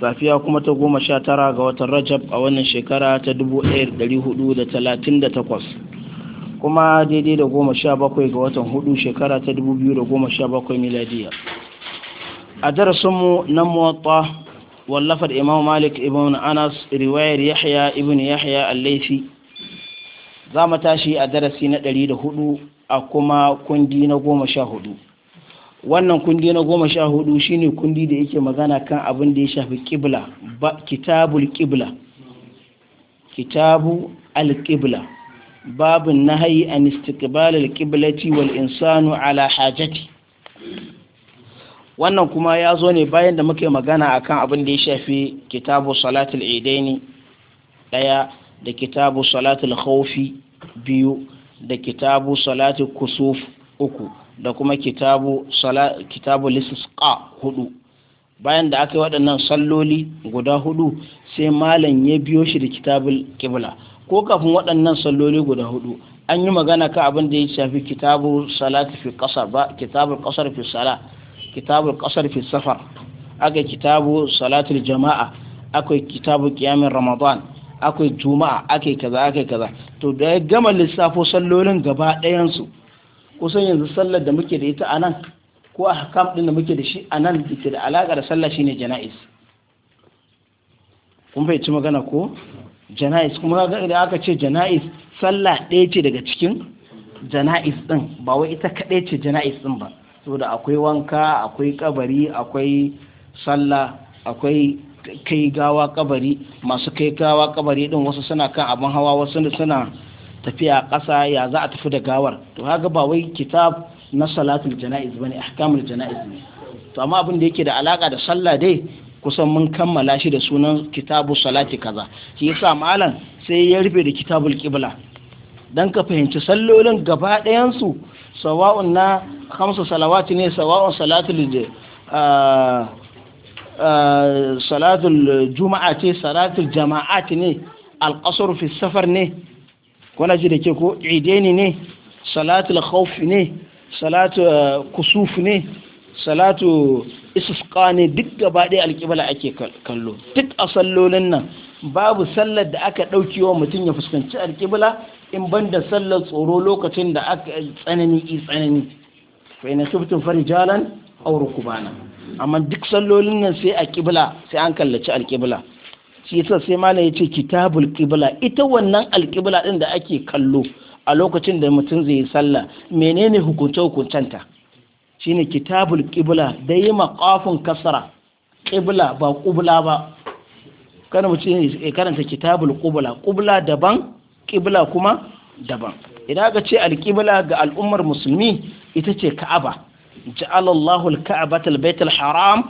safiya kuma ta goma sha tara ga watan rajab a wannan shekara ta da da talatin 1438 kuma daidai da goma sha bakwai ga watan hudu shekara ta da sha 2017 miladiya a darasinmu na muwatta wallafar imam malik ibn anas riwayar yahya ibn yahya Allaifi,….. za mu tashi a darasi na da hudu a kuma kundi na goma sha hudu wannan kundi na goma sha hudu shine kundi da yake magana kan abin da ya shafi kibla kitabul kibla kitabu al-kibla babin nahayi an istiqbal al-kiblati wal insanu ala hajati wannan kuma ya zo ne bayan da muke magana akan abin da ya shafi kitabu salatul idaini daya da kitabu salatul khawfi biyu da kitabu salatul kusuf uku da kuma kitabu sala kitabu lisqa hudu bayan da aka yi waɗannan salloli guda hudu sai malam ya biyo shi da kitabul qibla ko kafin waɗannan salloli guda hudu an yi magana ka abin da ya shafi kitabu salati fi qasar ba kitabul qasar fi sala kitabul qasar fi safar aka kitabu salatul jama'a akwai kitabu qiyamin ramadan akwai juma'a akai kaza akai kaza to da ya gama lissafo sallolin gaba ɗayan su kusan yanzu sallar da muke da ita a nan ko a hakam ɗin da muke da shi a nan da ke da alaƙa da sallah shine jana'is kun fahimci magana ko jana'is kuma da aka ce jana'is sallah ɗaya ce daga cikin jana'is ɗin ba wai ita kaɗai ce jana'is ɗin ba saboda akwai wanka akwai kabari akwai sallah akwai kai gawa kabari masu kai gawa kabari ɗin wasu suna kan abin hawa wasu suna tafiya ƙasa ya za a tafi da gawar to haka ba wai kitab na salatul jana'iz bane ahkamul jana'iz ne to amma abin da yake da alaka da sallah dai kusan mun kammala shi da sunan kitabu salati kaza shi yasa malam sai ya rufe da kitabul qibla dan ka fahimci sallolin gaba ɗayan su sawa'un na khamsu salawati ne sawa'un salatul salatul juma'a ce salatul jama'a ne al-qasr fi safar ne kuna ji da ke ko idaini ne Salatu khawf ne salatu eh, kusuf ne salatu istisqa ne duk gaba ɗaya alƙibla ake kallo duk a sallolin nan babu sallar da aka ɗauki wa mutum ya fuskanci alƙibla in ban da sallar tsoro lokacin da aka eh, tsanani i tsanani fa ina kibtun farijalan aw rukbana amma duk sallolin nan sai a ƙibla sai an kallaci alƙibla shi yasa sai Malam ya ce kitabul qibla ita wannan alqibla din da ake kallo a lokacin da mutum zai yi sallah menene hukunce hukuncenta shine kitabul qibla da yi maqafun kasra qibla ba qubla ba kana mu ce karanta kitabul qubla qubla daban qibla kuma daban idan aka ce alqibla ga al'ummar musulmi ita ce ka'aba ja'alallahu al-ka'bata al-baitul haram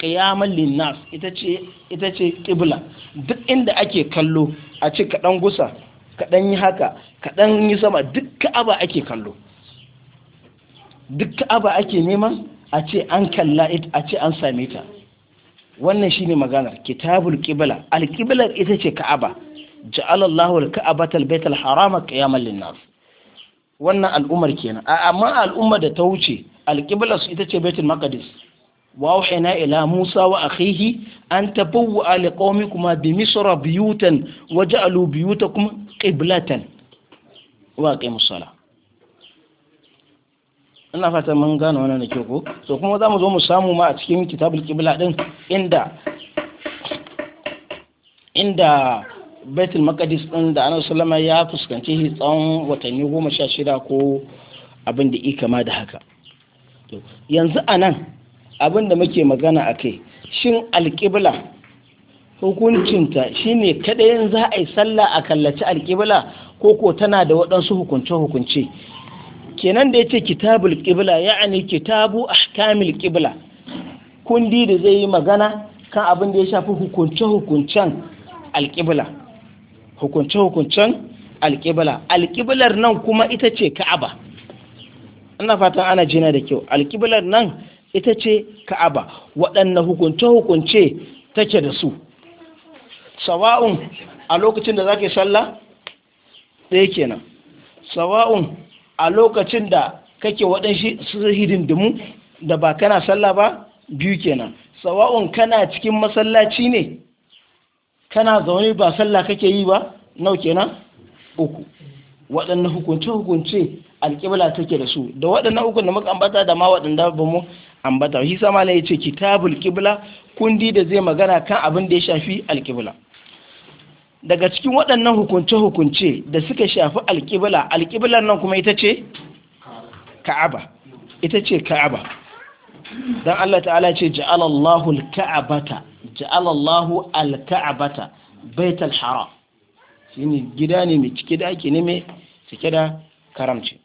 qiyamal linnas ita ce ita duk inda ake kallo a ce ka gusa kaɗan yi haka kaɗan yi sama duk ka'aba ake kallo duk ka'aba ake neman a ce an kalla a ce an same ta wannan shine maganar kitabul qibla al qibla ita ce ka'aba ja'ala Allahu al ka'abata al baital harama qiyamal linnas wannan al'ummar kenan amma al'ummar da ta wuce al qibla ita ce baitul maqdis واوحينا إلى موسى وأخيه أن تبوء لقومكما بمصر بيوتا وجعلوا بيوتكم قبلة واقيموا الصلاة ina fata mun gane wannan da ke ko to kuma za mu zo mu samu ma a cikin kitabul qibla din inda inda baitul maqdis din da annabi sallama ya fuskanci shi tsawon watanni 16 ko abin da i kama da haka to yanzu anan abin da muke magana a kai shin alƙibla hukuncinta shine kaɗayin za a yi sallah a kallaci alƙibla ko ko tana da waɗansu hukunce-hukunce kenan da ya ce kitabul ƙibla ya'ani kitabu ahkamil ƙibla kundi da zai yi magana kan abin da ya shafi hukunce-hukuncen alƙibla hukunce-hukuncen alƙibla alƙiblar nan kuma ita ce ka'aba Ana fatan ana jina da kyau alƙiblar nan ita ce ka'aba waɗanne hukunce-hukunce take da su sawa'un a lokacin da zake sallah ɗaya kenan sawa'un a lokacin da kake waɗansu hidindimu da ba kana sallah ba biyu kenan sawa'un kana cikin masallaci ne kana zaune ba sallah kake yi ba nau kenan uku waɗanne hukunce-hukunce alƙibla take da su da waɗannan uku da muka ambata da ma waɗanda ba mu ambata shi sama ya ce kitabul qibla kundi da zai magana kan abin da ya shafi alqibla daga cikin waɗannan hukunce-hukunce da suka shafi alqibla alƙiblar nan kuma ita ce ka'aba ita ce ka'aba Dan Allah ta'ala ce ja'alallahu al-ka'abata ja'alallahu al-ka'abata baitul haram shine gida ne mai cike da ake ne mai cike da karamci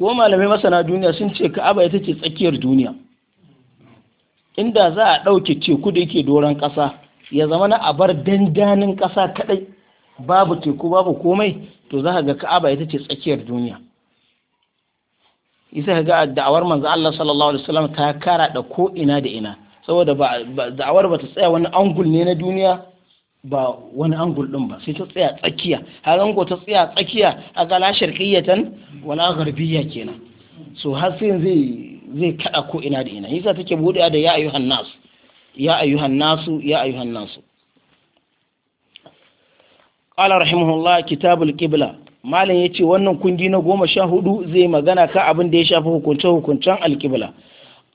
ko malamai masana duniya sun ce ka'aba ita ce tsakiyar duniya inda za a ɗauke teku da yake doron ƙasa ya zama na abar dandanin ƙasa kaɗai babu teku babu komai to za ka ga ka'aba ita ce tsakiyar duniya isa ga da'awar manzo Allah sallallahu alaihi wasallam ta kara da ko ina da ina saboda ba da'awar ba ta tsaya wani angul ne na duniya ba wani angul din ba sai ta tsaya tsakiya har ango ta tsaya tsakiya a gala sharqiyatan wala gharbiyya kenan so har sai zai zai kada ko ina da ina yasa take bude da ya ayyuhan nasu? ya ayyuhan nasu ya ayyuhan nasu qala rahimahullah kitabul qibla malam yace wannan kundi na goma sha hudu zai magana ka abin da ya shafi hukunce hukuncen alqibla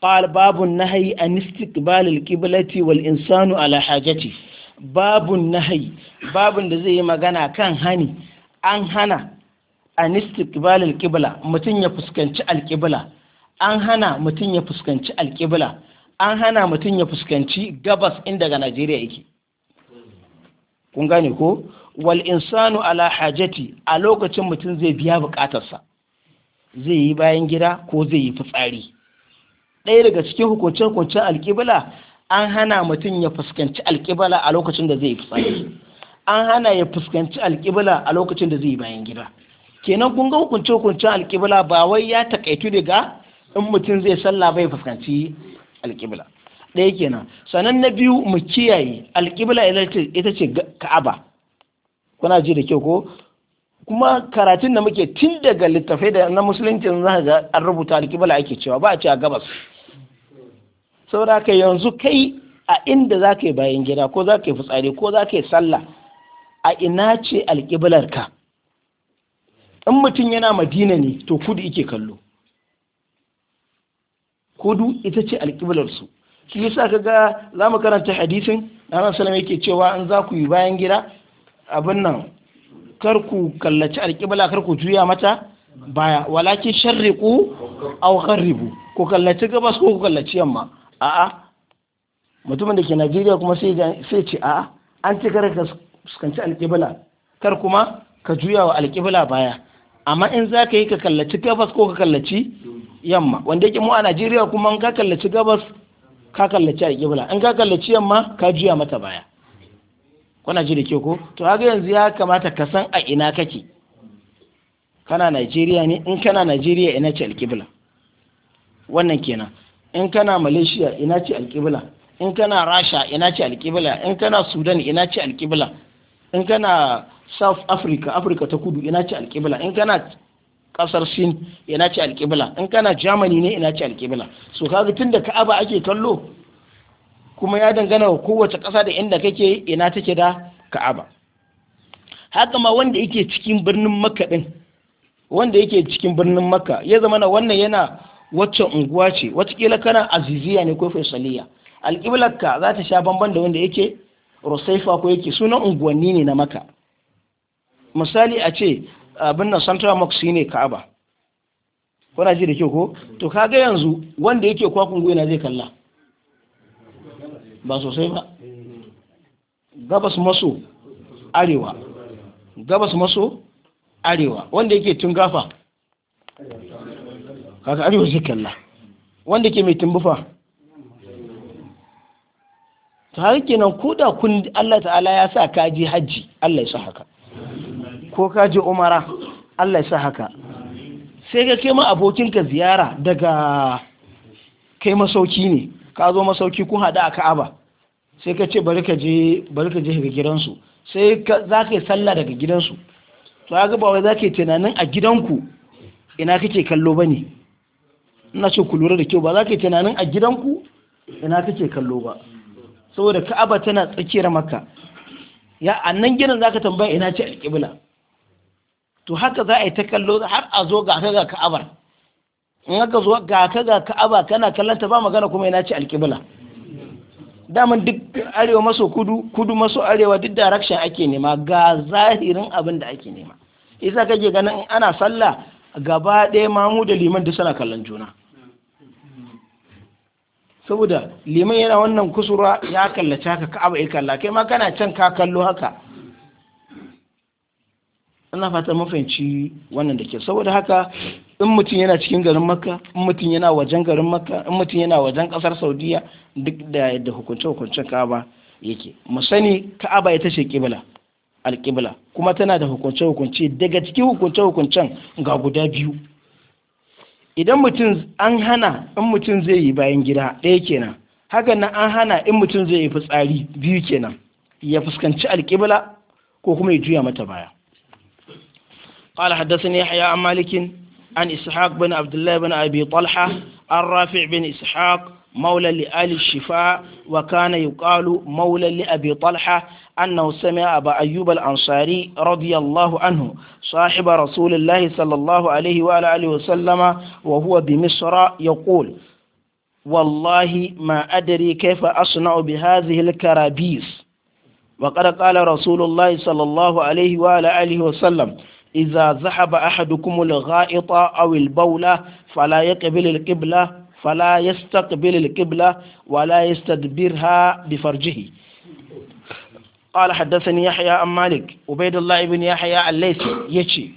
qala babun nahyi an istiqbalil qiblati wal insanu ala hajati babun nahayi babun da zai yi magana kan hani an hana an alqibla mutum ya fuskanci alqibla an hana mutum ya fuskanci alqibla an hana mutum ya fuskanci gabas inda daga Najeriya yake kun gane ko wal insanu ala hajati a lokacin mutum zai biya bukatarsa zai yi bayan gida ko zai yi fitsari ɗaya daga cikin hukuncen hukuncen alƙibla an hana mutum ya fuskanci alƙibla a lokacin da zai yi fitsari an hana ya fuskanci alƙibla a lokacin da zai yi bayan gida kenan kun ga hukunce hukuncin alƙibla ba wai ya takaitu daga in mutum zai sallah bai fuskanci alƙibla ɗaya kenan sannan na biyu mu kiyaye alƙibla ita ce ka'aba kuna ji da kyau ko kuma karatun da muke tun daga littafai da na musulunci za ga an rubuta alƙibla ake cewa ba a ce a gabas saboda ka yanzu kai a inda za ka yi bayan gida ko za ka yi fitsari ko za ka yi sallah a ina ce ka? in mutum yana madina ne to kudu ike kallo kudu ita ce su. shi yasa ka ga za mu karanta hadisin na salama yake cewa in za ku yi bayan gida abin nan kar ku kallaci alƙibla kar ku juya mata baya walakin sharriku wakan gharribu ku kallaci gabas ko ku kallaci yamma a'a mutumin da ke najeriya kuma sai ce a'a an ci kar ka fuskanci alƙibla kar kuma ka juya wa alƙibla baya amma in za ka yi ka kallaci gabas ko ka kallaci yamma wanda yake mu a najeriya kuma in ka kallaci gabas ka kallaci alƙibla in ka kallaci yamma ka juya mata baya kuna ji da ke ko to haka yanzu ya kamata ka san a ina kake kana najeriya ne in kana najeriya ina ce alƙibla wannan kenan in kana malaysia ina ce alƙibla in kana rasha ina ce alƙibla in kana sudan ina ce alƙibla in kana south africa africa ta kudu ina ce alƙibla in kana kasar sin ina ce alƙibla in kana germany ne ina ce alƙibla so kaga tun da ka'aba ake kallo kuma ya dangana wa kowace ƙasa da inda kake ina take da ka'aba haka ma wanda yake cikin birnin makka din wanda yake cikin birnin makka ya zama na wannan yana wacce unguwa ce watakila kana aziziya ne ko faisaliya alƙiblarka za ta sha bamban da wanda yake rusaifa ko yake sunan unguwanni ne na maka misali a ce abin nan central mosque shine ka'aba kuna ji da kyau ko to kaga yanzu wanda yake kwakun na zai kalla ba sosai ba gabas maso arewa gabas maso arewa wanda yake tun gafa kaka arewa kalla wanda ke mai tumbufa ta har nan ko kun Allah ta'ala ya sa ka je hajji Allah ya sa haka ko ka umara Allah ya sa haka sai ka kai ma abokinka ziyara daga kai masauki ne ka zo masauki kun haɗu a ka'aba sai ka ce bari ka je bari ka gidansu sai za ka yi sallah daga gidansu to ga ba za ka yi tunanin a gidanku ina kake kallo ba ne ina ce ku lura da kyau ba za ka yi tunanin a gidanku ina kake kallo ba saboda ka'aba tana tsakiyar maka ya annan za ka tambaya ina ce alƙibla to haka za a yi ta kallo har a zo ga ka ga ka'abar in aka zo ga ka ga ka'aba kana kallon ta ba magana kuma ina ce alƙibla daman duk arewa maso kudu kudu maso arewa duk direction ake nema ga zahirin abin da ake nema isa kake ganin ana sallah gaba ɗaya mamu da liman duk suna kallon juna saboda liman yana wannan kusurwa ya kallace haka ka'aba ya kalla kai ma kana can ka kallo haka ina fata mafanci wannan da ke saboda haka in mutum yana cikin garin makka in mutum yana wajen garin makka in mutum yana wajen kasar saudiya duk da yadda hukunce hukuncen ka'aba yake mu sani ka'aba ita ce kibla alkibla kuma tana da hukunce hukunce daga cikin hukunce hukuncen ga guda biyu idan mutum an hana in mutum zai yi bayan gida ɗaya kenan haka nan an hana in mutum zai yi fitsari biyu kenan ya fuskanci alƙibla ko kuma ya juya mata baya قال حدثني يحيى عن مالك عن إسحاق بن عبد الله بن أبي طلحة عن رافع بن إسحاق مولى لآل الشفاء وكان يقال مولى لأبي طلحة أنه سمع أبا أيوب الأنصاري رضي الله عنه صاحب رسول الله صلى الله عليه وآله وسلم وهو بمصر يقول والله ما أدري كيف أصنع بهذه الكرابيس وقد قال رسول الله صلى الله عليه وآله وسلم إذا ذهب أحدكم الغائط أو البولة فلا يقبل القبلة فلا يستقبل القبلة ولا يستدبرها بفرجه قال حدثني يحيى عن مالك عبيد الله ابن يحيى الليثي يجي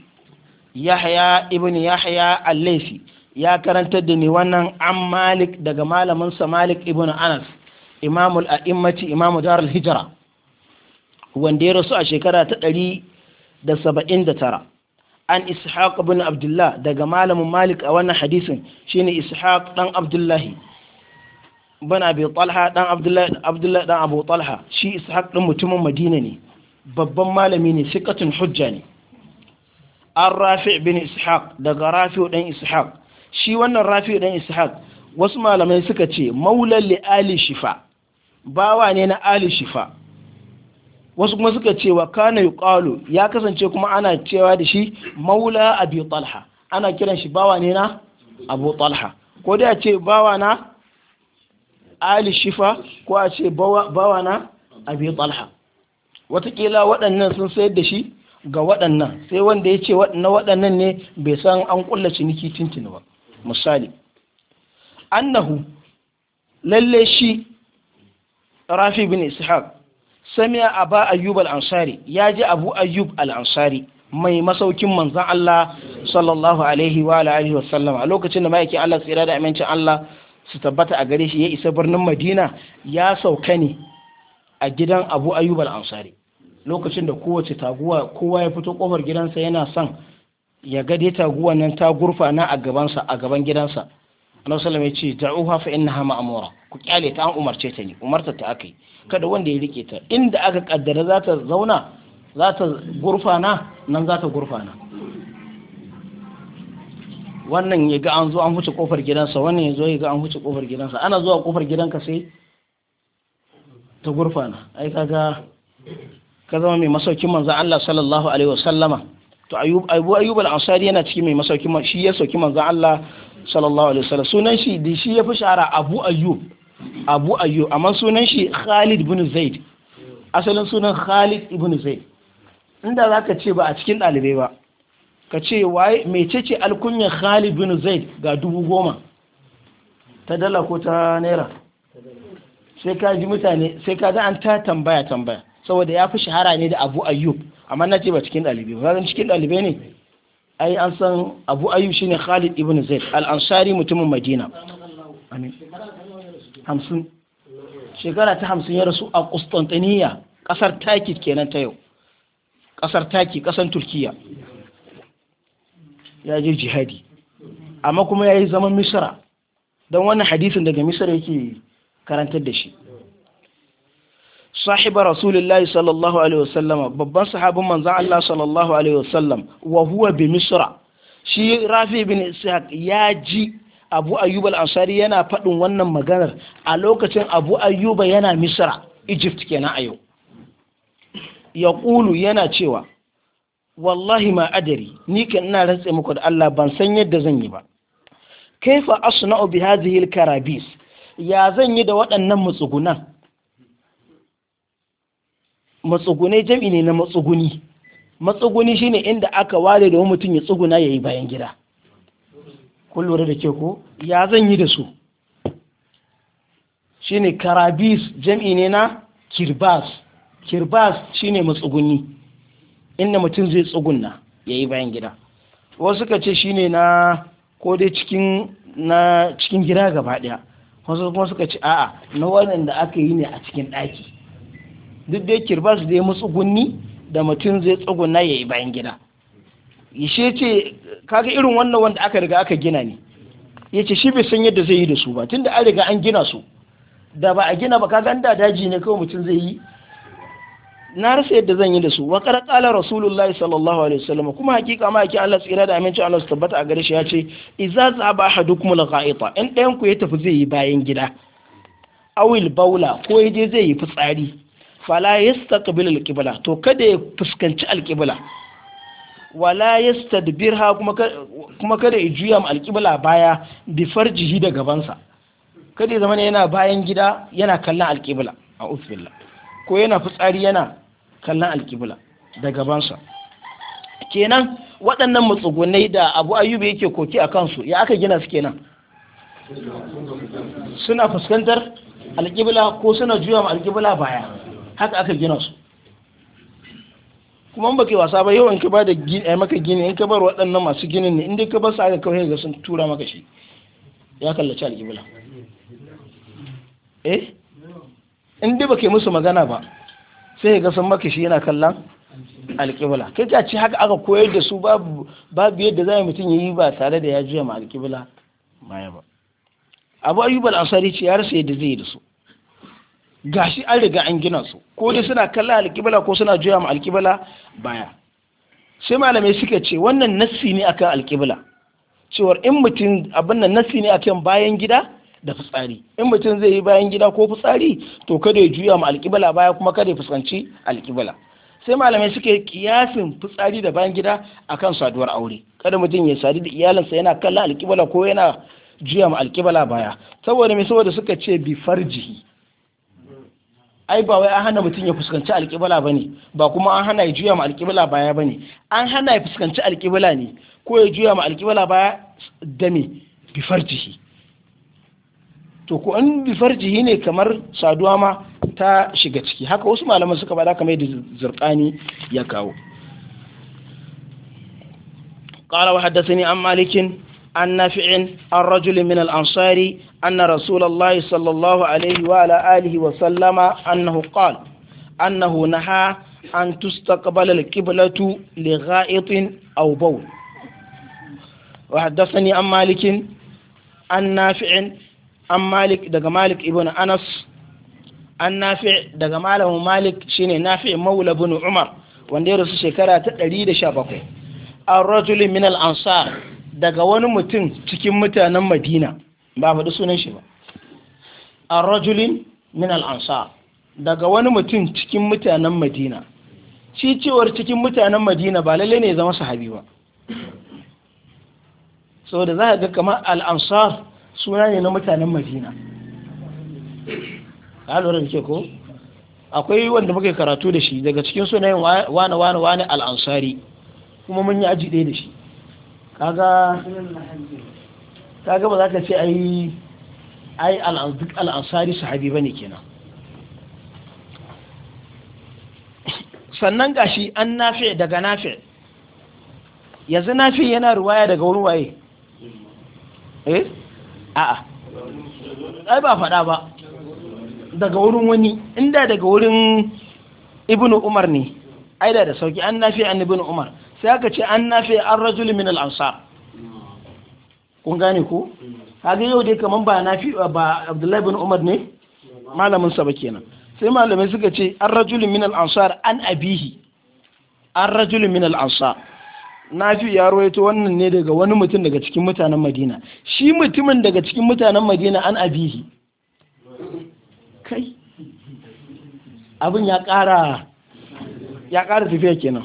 يحيى ابن يحيى الليثي ya karantar da ni wannan an malik daga malaminsa malik ibn anas imamul a'immaci imamu darul hijira wanda ya rasu a shekara ta ɗari da saba'in da tara an ishaq ibn abdullah daga malamin malik a wannan hadisin shine ishaq dan abdullahi bin abi talha dan abdullahi dan abu talha shi ishaq din mutumin madina ne babban malami ne sikatun hujja ne an rafi bin ishaq daga rafi dan ishaq shi wannan rafi dan ishaq wasu malamai suka ce maulan li ali shifa bawa ne na ali shifa wasu kuma suka ce wa kana yuqalu ya kasance kuma ana cewa da shi maula abi talha ana kiran shi bawa ne na abu talha ko da ce bawa na ali shifa ko a ce bawana abi talha watakila waɗannan sun sayar da shi ga waɗannan sai wanda ya ce na waɗannan ne bai san an ƙulla ciniki tintin ba misali annahu lalle shi rafi bin ishaq samiya aba ayyub al-ansari ya ji abu ayyub al-ansari mai masaukin manzan Allah sallallahu alaihi wa alihi wa sallam a lokacin da ma'aikin Allah tsira da amincin Allah su tabbata a gare shi ya isa birnin madina ya sauka ne a gidan abu ayyub al-ansari lokacin da kowace taguwa kowa ya fito kofar gidansa yana son ya ga dai taguwa nan ta gurfana a gabansa a gaban gidansa annabi sallallahu ya ce da'uha fa innaha ma'mura ku kyale ta an umarce ta ne umarta ta akai kada wanda ya rike ta inda aka kaddara za ta zauna za ta gurfana nan za ta gurfana wannan ya ga an zo an huce kofar gidansa wannan ya zo ya ga an huce kofar gidansa ana zuwa kofar gidanka sai ta gurfana ai kaga ka zama mai masaukin manzon Allah sallallahu alaihi wasallama to ayub abu ayyub al-ansari yana cikin mai masaukin shi ya sauki manzon Allah sallallahu alaihi wasallam sunan shi da shi ya fi shara abu ayyub abu ayub amma sunan shi Khalid ibn Zaid asalin sunan Khalid ibn Zaid inda zaka ce ba a cikin dalibai ba ka ce waye mecece alkunyar khalid bin zaid ga dubu goma ta dala ko ta naira sai ka ji mutane sai ka ji an ta tambaya tambaya saboda ya fi shahara ne da abu ayyub amma na ce ba cikin ɗalibai ba zan cikin ɗalibai ne ai an san abu ayyub shine khalid ibn zaid al-ansari mutumin madina amin hamsin shekara ta hamsin ya rasu a kustantaniya kasar taki kenan ta yau kasar taki kasar turkiya ya je jihadi amma kuma ya yi zaman misra don wannan hadisin daga misra yake karantar da shi sahiba rasulullahi sallallahu alaihi wasallama babban sahabin manzan Allah sallallahu alaihi wasallam wa huwa bi misra shi rafi bin ishaq ya ji abu ayyuba al-ansari yana faɗin wannan maganar a lokacin abu ayyuba yana misra egypt kenan a yau ya yana cewa wallahi ma adari ni kan ina rantse muku da Allah ban san yadda zan yi ba kaifa asna'u bi hadhihi al-karabis ya zan yi da waɗannan matsugunan matsugune jami ne na matsuguni matsuguni shine inda aka ware da mutum ya tsuguna ya yi bayan gida kun lura da ke ko ya zan yi da su shine karabis jami ne na kirbas kirbas shine matsuguni inda mutum zai tsugunna ya yi bayan gida wasu ka ce shine na ko dai cikin na cikin gida gaba daya wasu kuma suka ce a'a na da aka yi ne a cikin ɗaki duk dai su dai matsugunni da mutum zai tsugunna ya yi bayan gida ishe ce kaga irin wannan wanda aka riga aka gina ne ya ce shi bai san yadda zai yi da su ba tunda an riga an gina su da ba a gina ba kaga da daji ne kawai mutum zai yi na rasa yadda zan yi da su wa kada rasulullahi sallallahu alaihi wasallam kuma hakika ma yake Allah tsira da aminci Allah su tabbata a gare shi ya ce idza zaba ahadukum laqaita in ɗayan ku ya tafi zai yi bayan gida awil baula ko ya je zai yi fitsari fala yastaqbil alqibla to kada ya fuskanci alqibla wala yastadbirha kuma kuma kada ya juya ma alqibla baya bi farjihi da gabansa kada ya zama yana bayan gida yana kallon alqibla a'udhu billah ko yana fitsari yana kallon alkibla da gabansa kenan waɗannan matsugunai da abu ayyuba yake koki a kansu ya aka gina su kenan suna fuskantar alkibla ko suna juya ma alkibla baya haka aka gina su kuma baka wasa ba yawan ka ba da maka gini in ka bar waɗannan masu ginin ne inda ka bar su aka kawai ga sun tura maka shi ya kallaci alkibla eh in dai baka yi musu magana ba sai ga san maka shi yana kallon alƙibla kai ka ce haka aka koyar da su babu yadda za mutum ya yi ba tare da ya juya ma alƙibla baya ba abu ayyubal ansari ce ya rasa yadda zai yi da su gashi an riga an gina su ko dai suna kallon alƙibla ko suna juya ma alƙibla baya sai malamai suka ce wannan nassi ne akan alƙibla cewar in mutum abin nan nassi ne akan bayan gida da fitsari in mutum zai yi bayan gida ko fitsari to kada ya juya ma alƙibla baya kuma kada ya fuskanci alƙibla sai malamai suke kiyasin fitsari da bayan gida akan saduwar aure kada mutum ya sadu da iyalinsa yana kallon alƙibla ko yana juya ma alƙibla baya saboda me saboda suka ce bi farjihi ai ba wai an hana mutum ya fuskanci alƙibla ba ne ba kuma an hana ya juya ma alƙibla baya ba ne an hana ya fuskanci alkibala ne ko ya juya ma alƙibla baya da me bi farjihi to ko an bi farjihi ne kamar saduwa ma ta shiga ciki haka wasu malaman suka bada kamar da zurqani ya kawo qala wa haddathani an malikin an nafi'in an rajulin min al-ansari anna rasulullahi sallallahu alaihi wa ala wa sallama annahu qala annahu naha an tustaqbala al-qiblatu li gha'itin وحدثني عن مالك عن نافع an malik daga malik ibn anas an nafi daga malamin malik shine nafi maula bin umar wanda ya rasu shekara ta 117 an rajuli min al ansar daga wani mutum cikin mutanen madina ba faɗi sunan shi ba an rajuli min al ansar daga wani mutum cikin mutanen madina shi cewar cikin mutanen madina ba lalle ne ya zama sahabi ba so da za ga kamar al ansar suna ne na mutanen madina a lura da ke ko akwai wanda muka karatu da shi daga cikin sunayen wane wane wane al'ansari kuma mun yi aji ɗaya da shi kaga kaga ba za ka ce ai ai duk al'ansari sahabi ne kenan sannan gashi an nafi daga nafi yanzu nafi yana ruwaya daga wurin waye eh a'a ai ba faɗa ba daga wurin wani inda daga wurin ibnu umar ne ai da sauki an nafi an ibnu umar sai aka ce an nafi an rajul min al ansar kun gane ko kaga yau dai kaman ba nafi ba abdullahi ibn umar ne malamin sa ba kenan sai malamai suka ce an rajul min al ansar an abihi an rajul min al ansar nafi ya rawaito wannan ne daga wani mutum daga cikin mutanen madina shi mutumin daga cikin mutanen madina an abihi kai abin ya ƙara ya ƙara tafiya kenan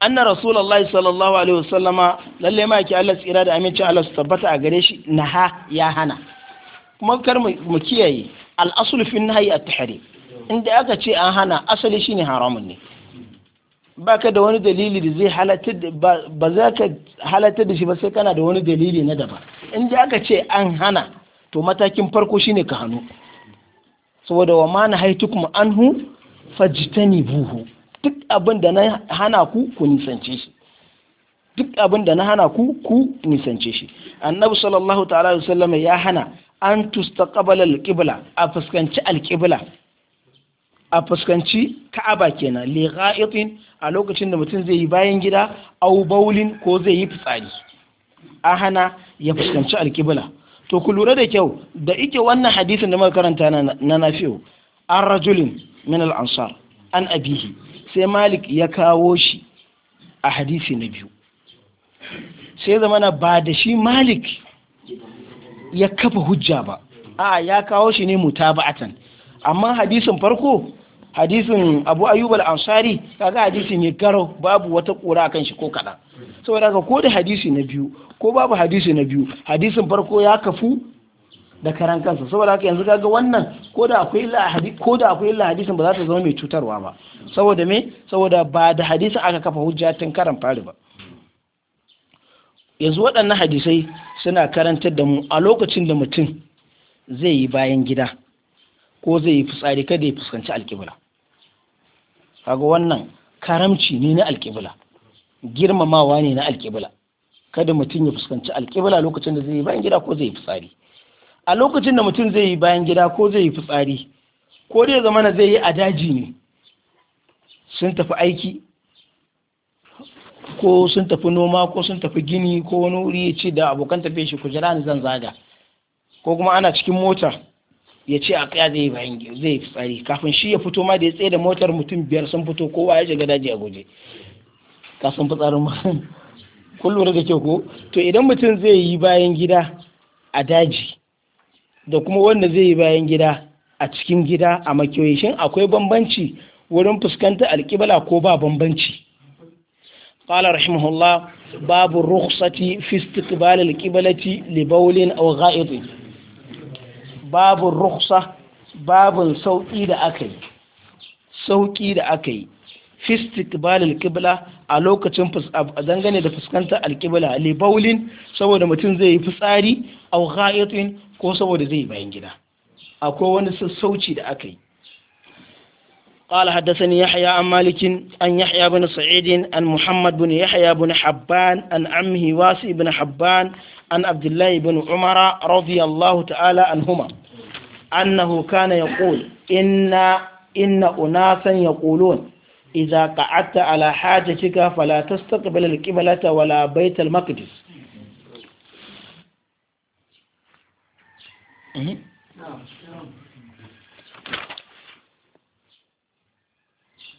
An na rasulallah sallallahu alaihi wasallama lalle ma yake Allah tsira da amincin Allah su tabbata a gare shi naha ya hana kuma kar mu kiyaye al-aslu fi nahyi at-tahrim inda aka ce an hana asali shine haramun ne baka da wani dalili da zai ba za ka halatar da shi ba sai kana da wani dalili na daban in ji aka ce an hana to matakin farko shine ka hannu saboda wa ma na hu anhu fajtani buhu duk abin da na hana ku ku nisance shi duk abin da na hana ku ku nisance shi annabi sallallahu ta'ala ya hana an tustaqbala alqibla a fuskanci alqibla a fuskanci ka'aba kenan li gha'itin a lokacin da mutum zai yi bayan gida au baulin ko zai yi fitsari a hana ya fuskanci alkibla to ku lura da kyau da ike wannan hadisin da muka karanta na nafiyo an rajulin min al-ansar an abihi sai malik ya kawo shi a hadisi na biyu sai zamana ba da shi malik ya kafa hujja ba a ya kawo shi ne mutaba'atan amma hadisin farko hadisin abu ayyub al-ansari kaga hadisi ne karo babu wata kura akan shi ko kada saboda haka ko da hadisi na biyu ko babu hadisi na biyu hadisin farko ya kafu da karan kansa saboda haka yanzu kaga wannan ko da akwai illa ko hadisin ba za ta zama mai cutarwa ba saboda me saboda ba da hadisi aka kafa hujja tun karan fari ba yanzu waɗannan hadisai suna karantar da mu a lokacin da mutum zai yi bayan gida ko zai yi fitsari kada ya fuskanci alkibla kaga wannan karamci ne na alƙibla girmamawa ne na alƙibla kada mutum ya fuskanci alƙibla lokacin da zai yi bayan gida ko zai yi fitsari a lokacin da mutum zai yi bayan gida ko zai yi fitsari ko dai zamana zai yi a daji ne sun tafi aiki ko sun tafi noma ko sun tafi gini ko wani wuri ya ce da abokan tafiye shi ku jira ni zan zaga ko kuma ana cikin mota ya ce a tsaya zai bayan zai tsari kafin shi ya fito ma da ya tsaye da motar mutum biyar sun fito kowa ya shiga daji a guje ka sun fitsarin mutum kun da kyau ko to idan mutum zai yi bayan gida a daji da kuma wanda zai yi bayan gida a cikin gida a makiyoyi shin akwai bambanci wurin fuskanta alkibala ko ba bambanci qala rahimahullah babu rukhsati fi istiqbal alqiblati li bawlin aw ghaidin babu rukhsa babun sauƙi da aka yi sauƙi da aka yi fistiqbal alqibla a lokacin dangane da fuskantar alkibla libaulin saboda mutum zai yi fitsari a gha'itin ko saboda zai bayan gida akwai wani sassauci da aka yi قال حدثني يحيى عن مالك عن يحيى بن سعيد عن محمد بن يحيى بن حبان عن عمه واسي بن حبان an abdullahi bin umara radiyallahu ta'ala anhuma annahu kana yaqul inna inna unasan yaqulun idza qa'adta ala hajatika fala tastaqbil al-qiblata wala bayt al-maqdis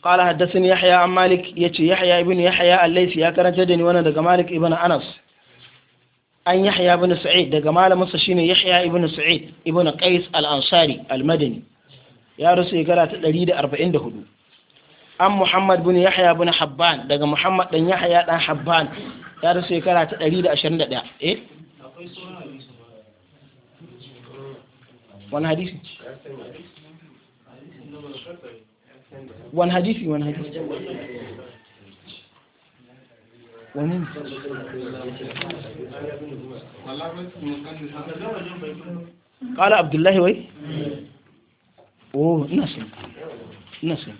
قال حدثني يحيى عن مالك يحيى ابن يحيى الليثي يا كرنت وانا daga مالك ابن انس an yahya ibn sa'id daga malamin sa shine yahya ibn sa'id ibn qais al-ansari al-madani ya rasu shekara ta 144 an muhammad ibn yahya ibn habban daga muhammad dan yahya dan habban ya rasu shekara ta 121 eh wani hadisi wani hadisi hadisi قال عبد الله وي اوه نسم نسم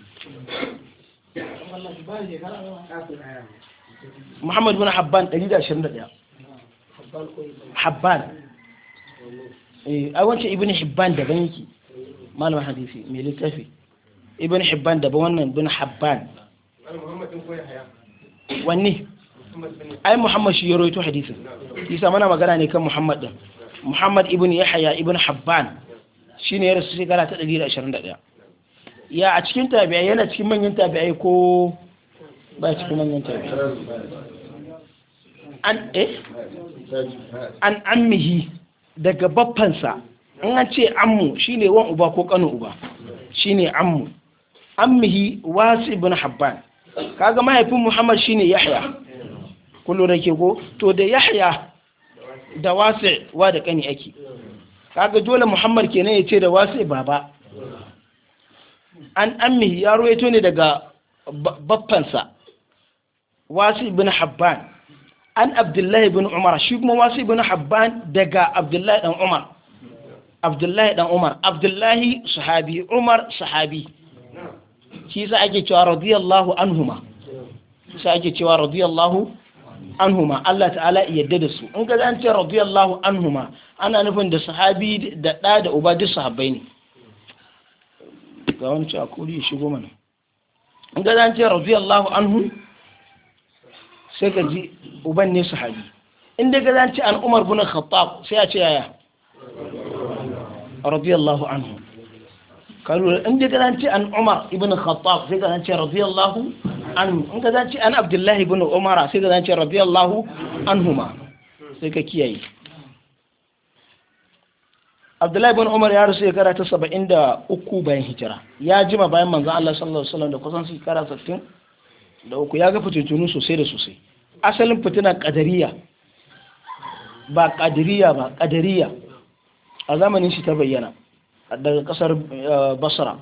محمد بن حبان قليل عشان ندعي حبان إيه، أولا ابن حبان ده بنيكي ما له حديثي ميلي كافي ابن حبان ده بوانا ابن حبان وانيه ai muhammad shi ya roito hadisin isa mana magana ne kan muhammad din muhammad ibn yahya ibn habban shine ya rasu shekara ta 121 ya a cikin tabi'ai yana cikin manyan tabi'ai ko ba cikin manyan tabi'ai an eh an ammihi daga baffansa in an ce ammu shine wan uba ko kanu uba shine ammu ammihi wasu ibn habban kaga mahaifin muhammad shine yahya kullu da ke ko to da yahya da wasi wa da kani ake kaga dole muhammad kenan ya ce da wasi baba an ammi ya ruwaito ne daga baffansa wasi bin habban an abdullahi bin umar shi kuma wasi bin habban daga abdullahi dan umar abdullahi dan umar abdullahi sahabi umar sahabi shi sa ake cewa radiyallahu anhuma shi sa ake cewa radiyallahu anhuma Allah ta'ala yadda da su in ga an ce radiyallahu anhuma ana nufin da sahabi da ɗa da uba duk sahabbai ne ga wani akuri ya shigo mana in ga an ce radiyallahu anhu sai ka ji uban ne sahabi in da ce an umar bin khattab sai a ce yaya radiyallahu anhu kalu in da an ce an umar ibn khattab sai ga ce radiyallahu An in ka zance an abdullahi bin umara sai ka zance radiyallahu anhuma sai ka kiyaye abdullahi bin umar ya rasu shekara ta saba'in da uku bayan hijira ya jima bayan manzan allah sallallahu alaihi wasallam da kusan shekara sittin da uku ya ga fitintunu sosai da sosai asalin fitina kadariya ba kadiriya ba kadariya a zamanin shi ta bayyana daga kasar eh, basra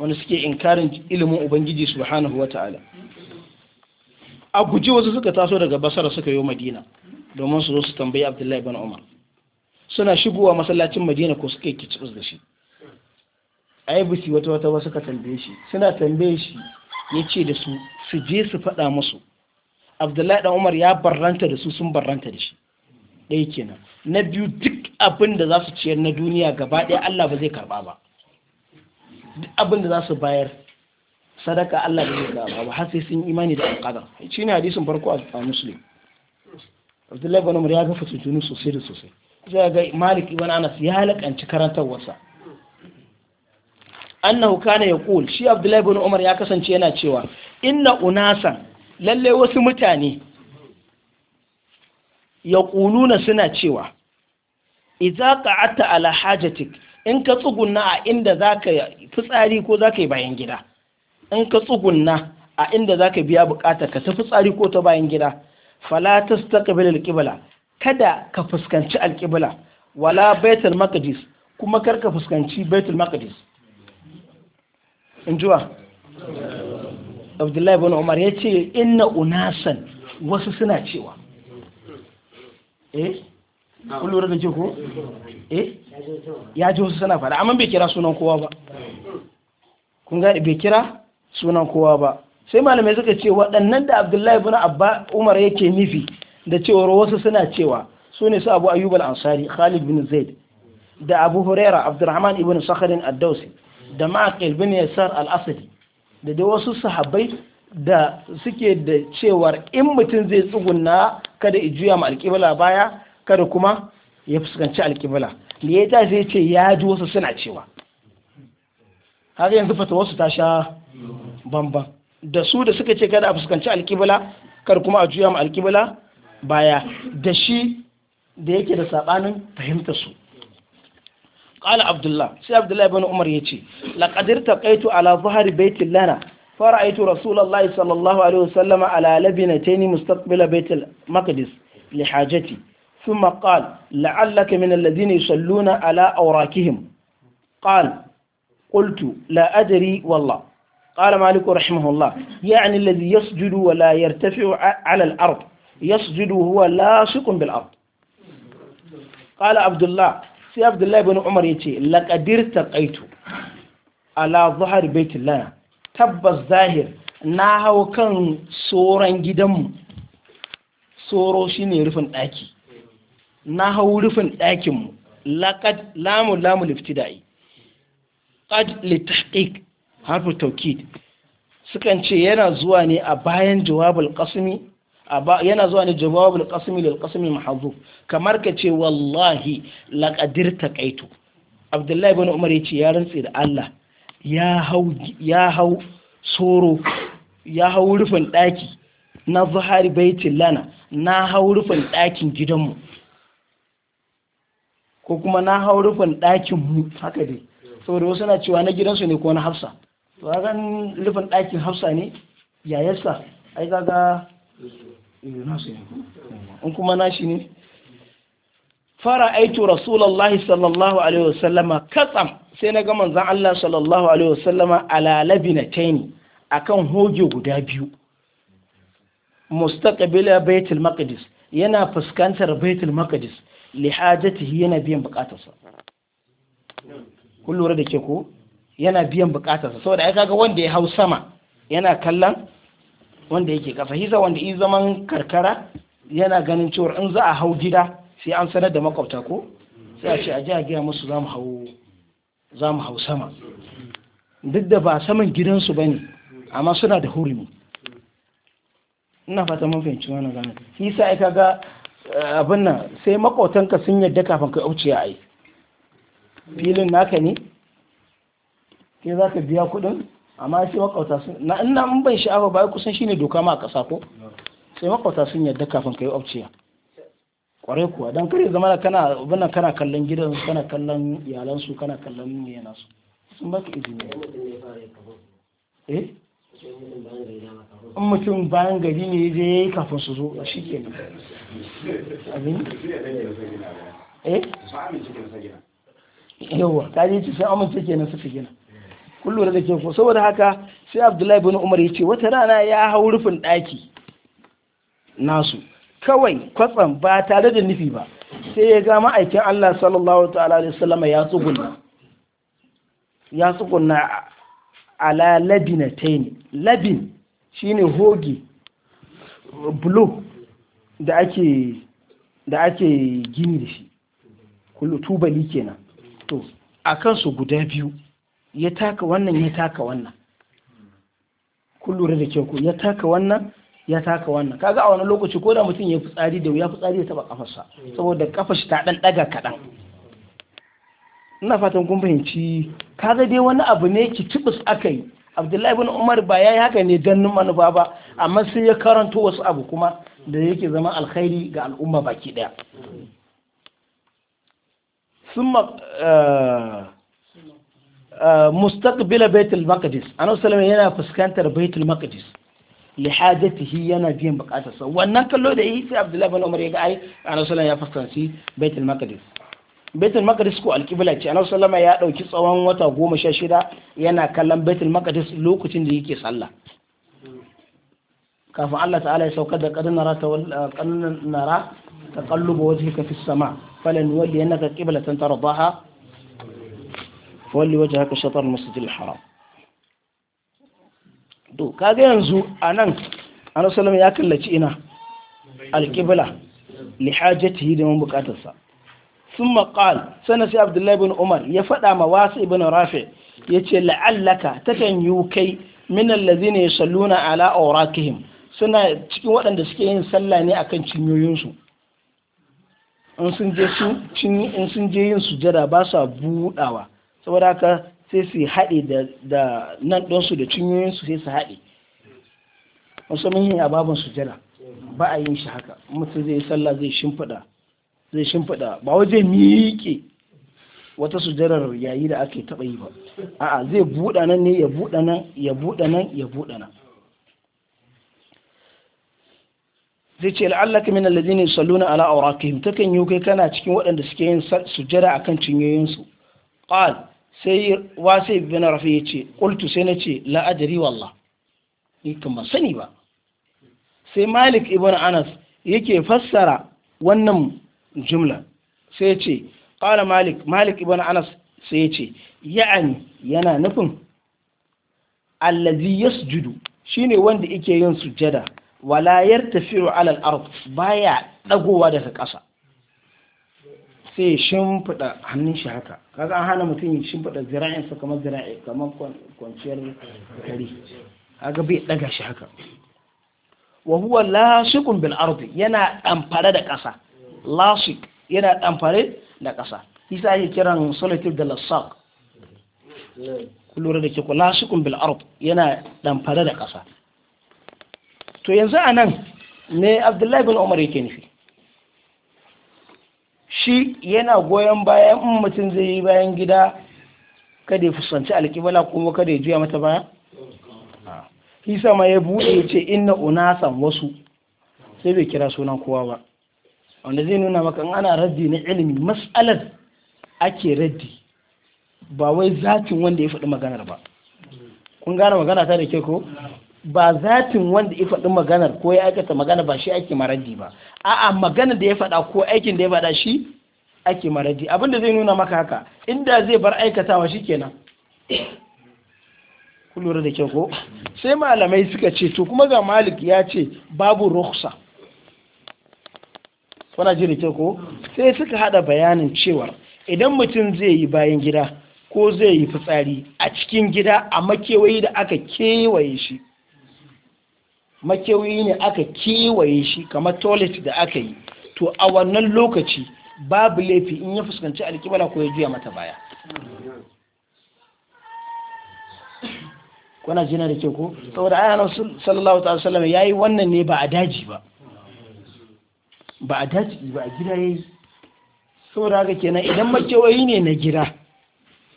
wanda suke inkarin ilimin ubangiji subhanahu wata'ala a guji wasu suka taso daga basara suka yi madina domin su zo su tambayi abdullahi bin umar suna shigowa masallacin madina ko suka yi kicibus da shi a yi wata wata wasu ka tambaye shi suna tambaye shi ya ce da su su je su faɗa musu abdullahi dan umar ya barranta da su sun barranta da shi ɗaya kenan na biyu duk abin da za su ciyar na duniya gaba ɗaya allah ba zai karɓa ba duk abin da za su bayar sadaka Allah da zai karba ba har sai sun imani da alƙadar shi ne hadisin farko a muslim abdullahi bin umar ya ga fitintunu sosai da sosai sai ga malik ibn anas ya halakanci karantarwarsa annahu kana yaqul shi abdullahi bin umar ya kasance yana cewa inna unasan lalle wasu mutane yaquluna suna cewa idza qa'atta ala hajatik in ka tsugunna a inda za ka fitsari ko za ka yi bayan gida in ka tsugunna a inda za ka biya bukata ka ta fitsari ko ta bayan gida fala ta ƙabilar alƙibla kada ka fuskanci alƙibla wala baitul maqdis kuma kar ka fuskanci baitul maqdis in abdullahi ibn umar ya ce inna unasan wasu suna cewa eh kun lura da ko eh ya ji wasu suna fada amma bai kira sunan kowa ba kun gane bai kira sunan kowa ba sai malamai suka ce waɗannan da abdullahi bin abba umar yake nufi da cewar wasu suna cewa su ne su abu ayyub ansari khalid bin zaid da abu huraira abdurrahman ibn sakharin ad-dawsi da ma'aqil bin yasar al-asadi da dai wasu sahabai da suke da cewar in mutum zai tsuguna kada i juya ma alƙibla baya kada kuma ya fuskanci alƙibla da ya ta sai ce ya ji wasu suna cewa har yanzu fata wasu ta sha bamban da su da suka ce kada a fuskanci alkibla kar kuma a juya ma alƙibla baya da shi da yake da sabanin fahimta su qala abdullah sai abdullah ibn umar yace laqad irtaqaitu ala dhahri baitil lana فرأيت رسول الله صلى الله عليه وسلم على لبنتين مستقبل بيت المقدس لحاجتي ثم قال لعلك من الذين يصلون على أوراكهم قال قلت لا أدري والله قال مالك رحمه الله يعني الذي يسجد ولا يرتفع على الأرض يسجد هو لاصق بالأرض قال عبد الله سي عبد الله بن عمر يتي لقد ارتقيت على ظهر بيت الله tabbas zahir na hau kan tsoron gidanmu tsoro shine rufin ɗaki na hau rufin ɗakinmu laƙad lamu lamu liftida'i qad sukan ce yana zuwa ne a bayan jawabul qasmi yana zuwa ne jawabul lil kamar ka ce wallahi laƙadir taqaitu abdullahi Bani umar ya ce ya rantse da Allah ya hau ya hau soro ya hau rufin daki na zuhari baitin lana na hau rufin dakin gidanmu ko kuma na hau rufin ɗakin mu haka dai saboda wasu na cewa na gidansu ne ko na hafsa to kaga rufin ɗakin hafsa ne yayarsa ai kaga eh, in kuma nashi ne fara aitu rasulullahi sallallahu alaihi wasallama katsam sai na ga manzon Allah sallallahu alaihi wasallama ala taini akan hoge guda biyu mustaqbila baitul maqdis yana fuskantar baitul maqdis lihajatihi yana biyan bukatarsa kun lura da ke ko yana biyan bukatarsa saboda ai kaga wanda ya hau sama yana kallon wanda yake kasa hisa wanda in zaman karkara yana ganin cewa in za a hau gida sai an sanar da makwabta ko sai a ce a ji a gaya musu za mu hau sama duk da ba saman gidansu ba ne amma suna da hurumi ina fata mun fahimci wani gane shi sa ai kaga abin nan sai makotanka sun yadda kafin ka auce a yi filin naka ne ke za ka biya kudin amma sai makauta sun na ina in ban sha'awa ba kusan shine doka ma a kasa ko sai makauta sun yadda kafin ka yi auciya kwarai kuwa don kare zama kana abin nan kana kallon gidan kana kallon iyalansu kana kallon yana su sun baka izini eh in mutum bayan gari ne zai yi kafin su zo a shi ke nan abin eh yawa kaji ce sai amince ke nan suka gina kullum da ke ko saboda haka sai abdullahi bin umar ya ce wata rana ya hau rufin ɗaki nasu kawai kwatsam ba tare da nufi ba sai ya ga ma'aikin allah sallallahu ta'ala ya tsugunna ya tsugunna ala labinataini labin shine hoge bulo da ake da ake gini da shi kullu tubali kenan to akan su guda biyu ya taka wannan ya taka wannan kun lura da kyau ya taka wannan ya taka wannan kaga a wani lokaci ko da mutum ya fitsari da ya fitsari ya taba kafarsa saboda kafar ta dan daga kadan ina fatan kun fahimci kaga dai wani abu ne ki tubus aka yi abdullahi bin umar ba ya yi haka ne ganin manufa ba amma sai ya karanto wasu abu kuma da yake zama alkhairi ga al'umma baki daya summa eh, eh, mustaqbila baitul maqdis annabi sallama yana fuskantar baitul maqdis li hajatihi yana biyan bukatarsa wannan kallo da yi sai abdullahi bin umar ya ga ai annabi sallama ya fuskanci baitul maqdis baitul maqdis ko alkibla ce annabi sallama ya dauki tsawon wata goma sha shida yana kallon baitul maqdis lokacin da yake sallah kafin Allah ta'ala ya saukar da kadan nara kadan eh, nara taqallubu wajhika fi sama falan walli annaka qiblatan tardaha walli wajhaka shatr al-masjid al-haram to kaga yanzu anan annabi sallama ya kallaci ina alqibla li hajatihi da mun bukatarsa sun maƙal sana sai abdullahi bin umar ya faɗa ma wasu ibn rafi ya ce la'allaka kan yi kai min ne salluna, ala awrakihim suna cikin waɗanda suke yin sallah ne akan cinyoyinsu in sun je in sun je yin sujada ba sa buɗawa saboda haka sai su haɗe da nan ɗansu da cinyoyinsu sai su haɗe musamman yin ababen sujada ba a yin shi haka mutum zai sallah zai shimfiɗa zai shimfiɗa ba waje miƙe wata sujarar yayi da ake taɓa yi ba a'a zai buɗa nan ne ya buɗa nan ya buɗa nan ya buɗa nan zai ce la'allaka min alladhina yusalluna ala awraqihim takan yi kai kana cikin waɗanda suke yin a akan cinyoyinsu qal sai sai ibn rafi yace qultu sai nace la la'adari wallah ni kan ba sani ba sai malik ibn anas yake fassara wannan jumla sai ce qala malik malik ibn anas sai ce ya'ani yana nufin allazi shi shine wanda yake yin sujada wala yartafi'u ala al ba baya dagowa daga ƙasa sai shimfiɗa hannun shi haka kaga an hana mutum ya shimfiɗa zira'insa kamar zira'i kamar kwanciyar kari haka bai ɗaga shi haka wa huwa lasiqun bil ardi yana ɗamfare da ƙasa lasik yana ɗamfare da ƙasa isa ake kiran solatif da lasak kullura da ke kula sukun bil arab yana ɗamfare da ƙasa to yanzu anan nan ne abdullahi bin umar yake nufi shi yana goyon bayan mutum zai yi bayan gida kada ya fusanci alkibala kuma kada ya juya mata baya isa ma ya buɗe ya ce inna unasan wasu sai bai kira sunan kowa ba wanda zai nuna maka in ana raddi na ilimi mas'alar ake raddi ba wai zatin wanda ya faɗi maganar ba kun gane magana ta da ke ko ba zatin wanda ya faɗi maganar ko ya aikata magana ba shi ake maraddi ba a'a magana da ya faɗa ko aikin da ya faɗa shi ake maraddi abin da zai nuna maka haka inda zai bar aikatawa shi kenan ku lura da kyau ko sai malamai suka ce to kuma ga malik ya ce babu rukhsa kuna ji da ke ko sai suka hada bayanin cewa idan mutum zai yi bayan gida ko zai yi fitsari a cikin gida a makewayi da aka kewaye shi makewayi ne aka kewaye shi kamar toilet da aka yi to a wannan lokaci babu laifi in ya fuskanci alkibala ko ya juya mata baya kuna jina da ke ko saboda ayyana sallallahu ta'ala ya yi wannan ne ba a daji ba ba a dajiki ba a gida yayi saboda haka kenan idan makewayi ne na gida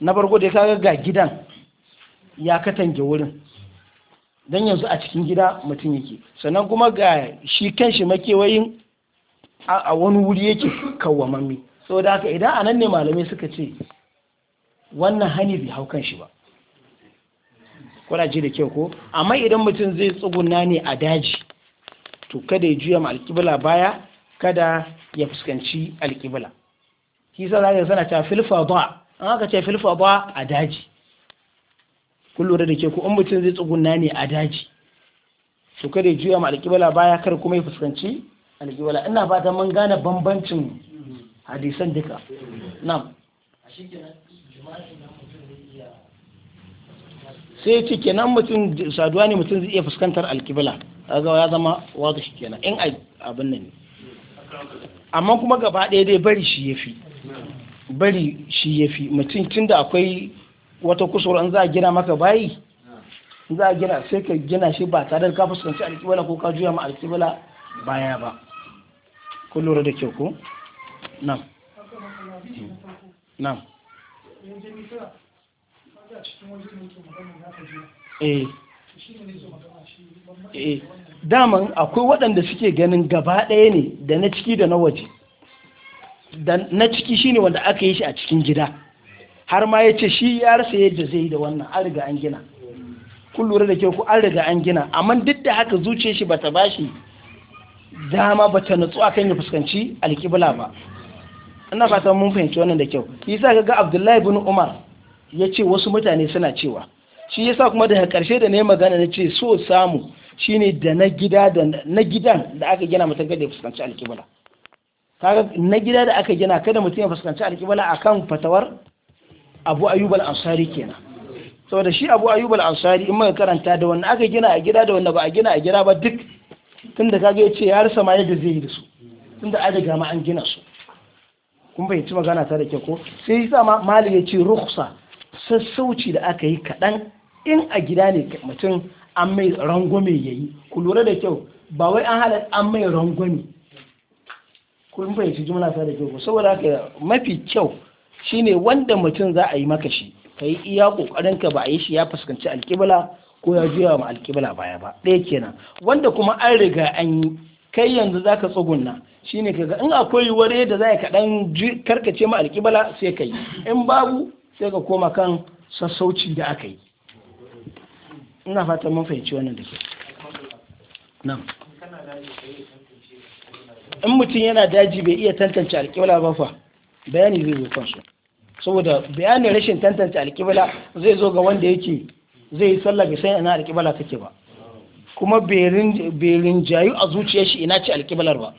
na farko da kaga ga gidan ya katange wurin dan yanzu a cikin gida mutum yake sannan kuma ga shi kanshi makewayin a wani wuri yake kawwamami saboda haka idan anan ne malamai suka ce wannan hani bai hau kanshi ba kuna ji da kyau ko amma idan mutum zai tsuguna ne a daji to kada ya juya ma alƙibla baya kada ya fuskanci alƙibla shi sa zaka sana ta filfa ba an aka ce filfa ba a daji kun lura da ke ko in mutum zai tsuguna ne a daji to kada ya juya ma alƙibla baya kar kuma ya fuskanci alƙibla ina fata mun gane bambancin hadisan duka na'am sai ce kenan mutum saduwa ne mutum zai iya fuskantar alƙibla kaga ya zama shi kenan in abin nan ne amma kuma gaba ɗaya dai bari shi ya fi bari shi ya fi mutum tun da akwai wata kusur an za a gina maka bayi za a gina sai ka gina shi ba tare da ka fuskanci alkibala ko ka juya ma alkibala baya ba ku lura da kyau ko nan nan eh eh daman akwai waɗanda suke ganin gaba ɗaya ne da na ciki da na waje da na ciki shine wanda aka yi shi a cikin gida har ma ya ce shi ya rasa yadda zai yi da wannan an riga an gina kun lura da kyau ku an riga an gina amma duk da haka zuce shi bata bashi dama bata natsu akan ya fuskanci alƙibla ba ina fatan mun fahimci wannan da kyau yasa kaga Abdullahi ibn Umar ya ce wasu mutane suna cewa shi yasa kuma daga ƙarshe da na yi magana na ce so samu shine da na gida da na gidan da aka gina mutum kada ya fuskanci alƙibla kaga na gida da aka gina kada mutum ya fuskanci alƙibla akan fatawar Abu Ayyub al-Ansari kenan saboda shi Abu Ayyub al-Ansari in muka karanta da wani aka gina a gida da wani ba a gina a gida ba duk tunda kaga yace ya rasa ma yadda zai yi da su tunda an riga ma an gina su kun ci magana ta da ke ko sai yasa ma mali ya ce rukhsa sassauci da aka yi kaɗan in a gida ne mutum an mai rangwame ya yi ku lura da kyau ba wai an halar an mai rangwame kun fahimci jimla ta da kyau saboda haka mafi kyau shine wanda mutum za a yi maka shi ka yi iya kokarin ka ba a yi shi ya fuskanci alkibla ko ya juya ma alkibla baya ba ɗaya kenan wanda kuma an riga an yi kai yanzu za ka tsugunna shine kaga in akwai yiwuwar da za ka dan karkace ma alkibla sai ka yi in babu sai ka koma kan sassauci da aka yi ina fata mun fahimci wannan da ke nan in mutum yana daji bai iya tantance alƙibla ba fa bayani zai zo kansu saboda bayanin rashin tantance alƙibla zai zo ga wanda yake zai yi sallah bai san ina alƙibla take ba kuma bai rinjayu a zuciyar shi ina ce alƙiblar ba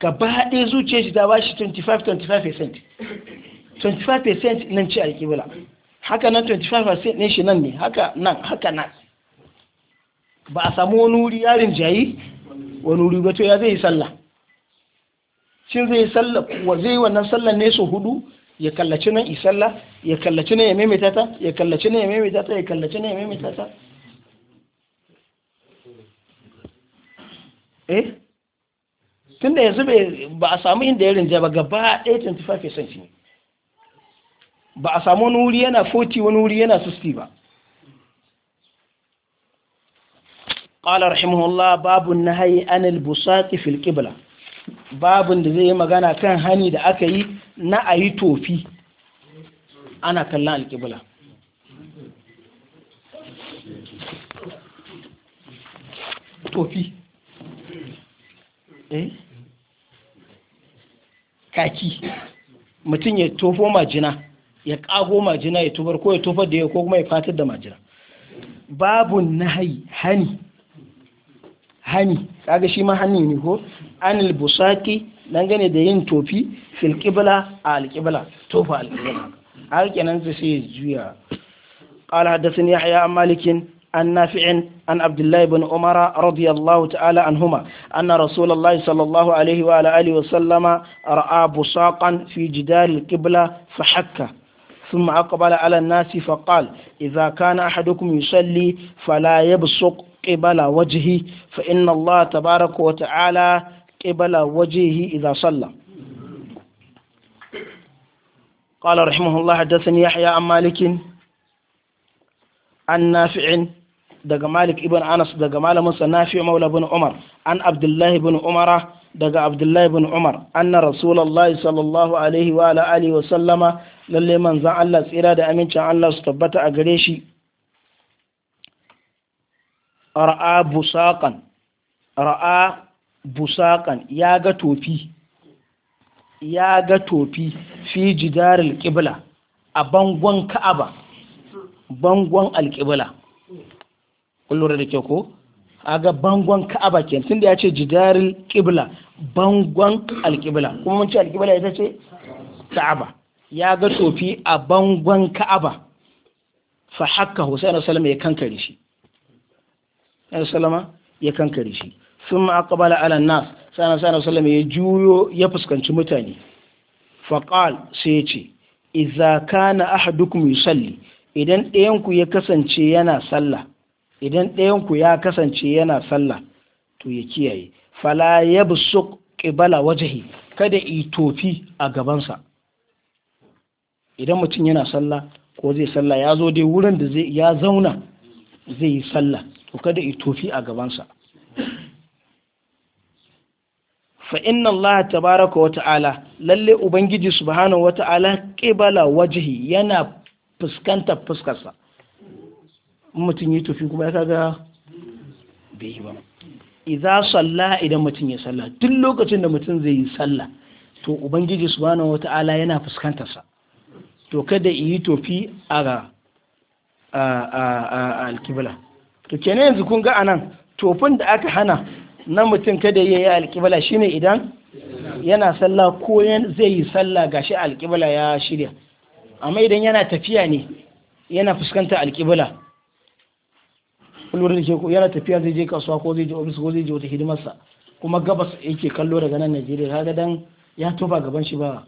gaba haɗe zuciyar shi ta ba shi 25-25% 25% nan ce alƙibla haka nan 25% ne shi nan ne haka nan haka nan ba a samu wani wuri yarin jayi wani wuri ba to ya zai yi sallah shin zai sallah wa zai wannan sallah ne su hudu ya kallaci nan isalla ya kallaci nan ya maimaita ta ya kallaci nan ya maimaita ta ya kallaci nan ya maimaita ta eh tunda yanzu ba a samu inda ya rinja ba gaba ɗaya 25% ne ba a samu wani wuri yana 40 wani wuri yana 60 ba qala rahimahullah babu nahyi anil busati fil ƙibla babun da zai yi magana kan hani da aka yi na ayi tofi ana kallon alƙibla tofi eh kaki mutum ya tofo majina ya ƙago majina ya tubar ko ya tufa da ya ko kuma ya fatar da majina babu nahayi hani hani kaga shi ma hani ne ko anil busaki gane da yin tofi fil qibla al qibla tofa al qibla har kenan sai juya قال حدثني يحيى عن مالك عن نافع عن عبد الله بن عمر رضي الله تعالى عنهما أن رسول الله صلى الله عليه وعلى آله وسلم رأى بصاقا في جدار القبلة فحكه ثم أقبل على الناس فقال إذا كان أحدكم يصلي فلا يبصق قبل وجهه فإن الله تبارك وتعالى قبل وجهه إذا صلى قال رحمه الله حدثني يحيى عن مالك عن نافع دق مالك ابن أنس دق مالك نافع مولى بن عمر عن عبد الله بن عمر daga abdullahi bin umar anna rasulallah sallallahu alaihi wa ala alihi wa sallama lalle manzon Allah tsira da amincin Allah su tabbata a gare shi ra'a busaqan ra'a busaqan ya ga tofi ya ga tofi fi jidar alqibla a bangon ka'aba bangon alqibla kullu da ke ko aga bangon ka'aba ke tunda ya ce jidarin kibla, bangon alkibla. kuma mun ce alkibla ita ce ka'aba ya ga tofi a bangon ka'aba fa haka Hussein Salama ya kankare shi Salama ya kankare shi sun ma ma'aƙabala ala nas sana sana Salama ya juyo ya fuskanci mutane Faqal sai ya ce idza kana ahadukum yusalli idan ɗayanku ya kasance yana sallah idan ɗayanku ya kasance yana sallah to ya kiyaye fala ya busuk ƙibala wajahi kada yi tofi a gabansa idan mutum yana sallah ko zai sallah ya zo dai wurin da zai ya zauna zai yi sallah to kada yi tofi a gabansa fa inna Allah tabaraka wa ta'ala lalle ubangiji subhanahu wa ta'ala qibala wajhi yana fuskanta fuskarsa mutum yi tufi kuma ya kaga bai yi ba idza salla idan mutum ya salla duk lokacin da mutum zai yi salla to ubangiji subhanahu wata'ala yana fuskantar sa to kada yi tofi a a alkibla to kenan yanzu kun ga anan tofin da aka hana na mutum kada ya yi alkibla shine idan yana salla ko zai yi salla gashi alkibla ya shirya amma idan yana tafiya ne yana fuskantar alkibla kullum da ke yana tafiya zai je kasuwa ko zai je ofis ko zai je wata hidimarsa kuma gabas yake kallo daga nan Najeriya ga dan ya tofa gaban shi ba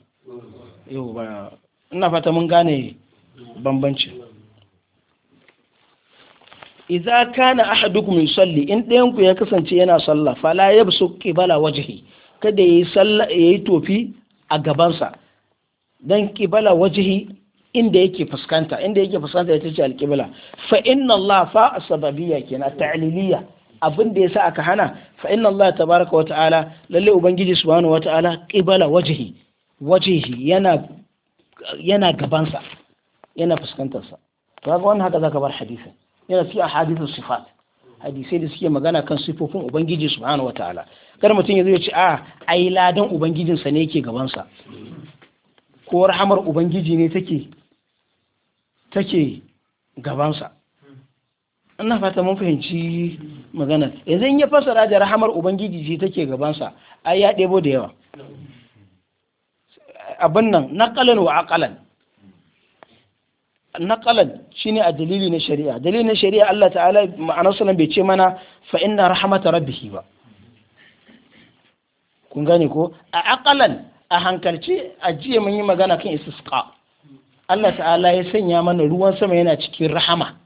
yau ba ina fata mun gane bambanci idza kana ahadukum yusalli in ɗayan ku ya kasance yana sallah fala yabsu qibala wajhi kada yayi sallah yayi tofi a gabansa dan qibala wajhi inda yake fuskanta inda yake fuskanta ita ce alƙibla fa inna Allah fa asbabiyya kenan ta'liliya abin da yasa aka hana fa inna Allah tabaraka wa ta'ala lalle ubangiji subhanahu wa ta'ala qibala wajhi wajhi yana yana gabansa yana fuskantarsa to ga wannan haka zaka bar hadisin yana cikin ahadithu sifat hadisai da suke magana kan sifofin ubangiji subhanahu wa ta'ala kar mutum ya zo ya ce a ai ladan ubangijinsa ne yake gabansa ko rahamar ubangiji ne take take gabansa ina fata mun fahimci magana yanzu in ya fasara da rahamar ubangiji ce take gabansa ai ya ɗebo da yawa abin nan naƙalan wa aƙalan naƙalan ne a dalili na shari'a dalili na shari'a Allah ta'ala Ma'ana sunan bai ce mana fa inna rahmata rabbihi ba kun gane ko a aƙalan a hankalci a jiya mun yi magana kan istisqa Allah ta'ala ya sanya mana ruwan sama yana cikin rahama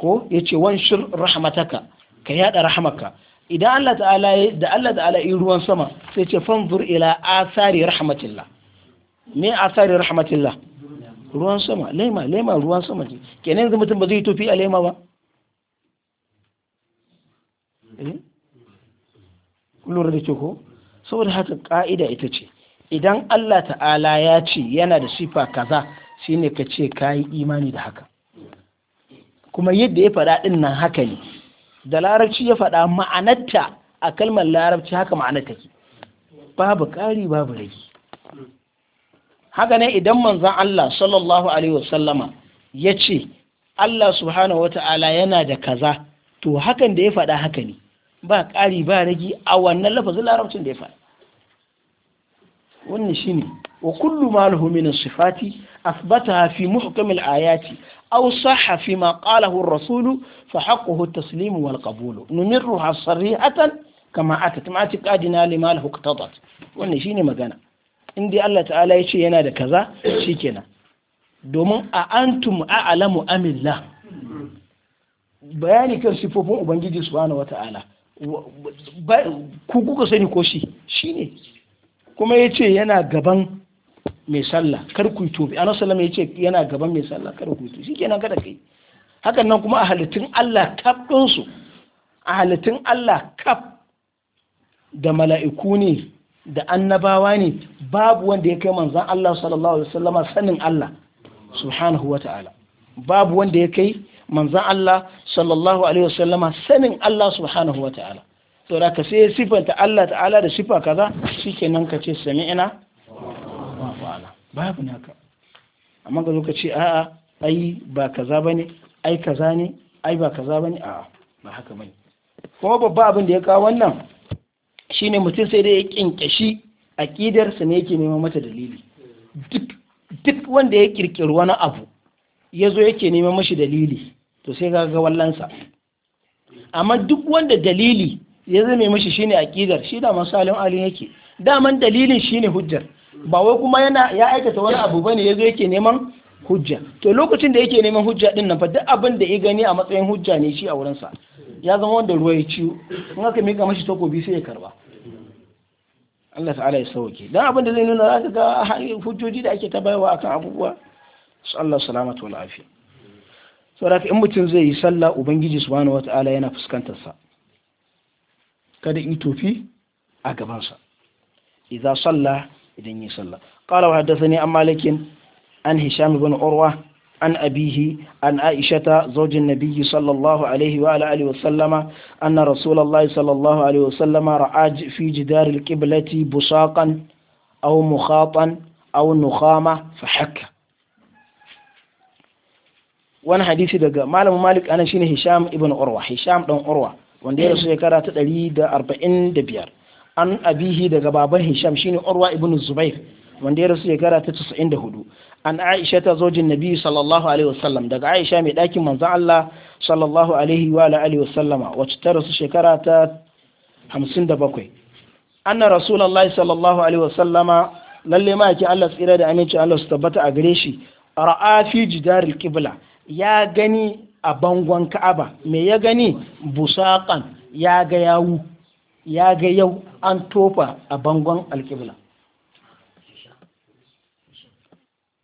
ko ya ce wanshir rahmataka ka yada rahamaka idan Allah ta'ala da Allah ta'ala yi ruwan sama sai ce fanzur ila asari rahmatillah me asari rahmatillah ruwan sama lema lema ruwan sama ce kenan yanzu mutum ba zai tofi a lema ba eh? lura da ke ko saboda haka ka'ida ita ce idan Allah ta'ala ya ce yana da sifa kaza shine ka ce ka yi imani da haka kuma yadda ya faɗa ɗin nan haka ne da larabci ya faɗa ma'anarta a kalmar larabci haka ma'anar take babu ƙari babu rage haka ne idan manzan Allah sallallahu alaihi wasallama ya ce Allah subhanahu ta'ala yana da kaza to hakan da ya faɗa haka ne ba ƙari ba rage a wannan lafazin larabcin da ya faɗa wannan shine wa kullu ma lahu min sifati athbataha fi muhkam al-ayati aw sahha fi ma qalahu ar-rasul fa haqquhu at-taslim wal qabul numirruha sarihatan kama atat ma tiqadina lima lahu iqtadat wannan shine magana in dai Allah ta'ala ya ce yana da kaza shikenan domin a antum a'lamu amillah bayani kan sifofin ubangiji subhanahu wata'ala ku kuka sani ko shi shine kuma ya ce yana gaban mai sallah kar ku yi tofi ana sallama ya ce yana gaban mai sallah kar ku yi tofi shikenan kada kai hakan nan kuma a halittun Allah kaf ɗinsu a halittun Allah kaf da mala'iku ne da annabawa ne babu wanda ya kai manzan Allah sallallahu alaihi wasallama sanin Allah subhanahu wa ta'ala babu wanda ya kai manzan Allah sallallahu alaihi wasallama sanin Allah subhanahu wa ta'ala saboda ka sai sifanta Allah ta'ala da sifa kaza shikenan ka ce sami'na wa fa'ala babu ka amma ka zo ka ce a'a ai ba kaza bane ai kaza ne ai ba kaza bane a'a ba haka bane kuma babba abin da ya kawo wannan shine mutum sai dai ya kinkashi sa ne yake neman mata dalili duk wanda ya kirkiri wani abu ya zo yake neman mashi dalili to sai ga wallansa amma duk wanda dalili ya zame shi shine aqidar shi da masalin alin yake daman dalilin ne hujjar ba wai kuma yana ya aikata wani abu bane yazo yake neman hujja to lokacin da yake neman hujja din nan fa duk abin da ya gani a matsayin hujja ne shi a wurin sa ya zama wanda ruwa ya ciwo in aka mika mashi takobi sai ya karba Allah ta'ala ya sauke dan abin da zai nuna za ka ga hujjoji da ake ta bayarwa akan abubuwa Allah salamatu wal afiya saboda in mutum zai yi sallah ubangiji subhanahu wataala yana fuskantar sa kada in tofi a gabansa idza salla idan yi salla qala wa an malikin an hisham ibn urwa an abihi an aishata zawjin nabiyyi sallallahu alaihi wa ala alihi wa sallama sallallahu alaihi wa sallama ra'a fi jidari alqiblati busaqan aw mukhatan aw nukhama fa hakka wani hadisi daga malamin malik ana shine hisham ibn urwa hisham dan urwa wanda ya rasu shekara ta ɗari da arba'in da biyar an abihi daga baban hisham shine urwa ibn zubair wanda ya rasu shekara ta casa'in da hudu an aisha ta zojin nabi sallallahu alaihi wasallam daga aisha mai ɗakin manzan allah sallallahu alaihi wa alihi wasallama wacce ta rasu shekara ta hamsin da bakwai anna rasulallah sallallahu alaihi wasallama lalle ma yake allah tsira da aminci allah su tabbata a gare shi ra'a fi jidaril qibla ya gani a bangon ka'aba me ya gani busakan ya ga yawu ya ga yau an tofa a bangon alƙibla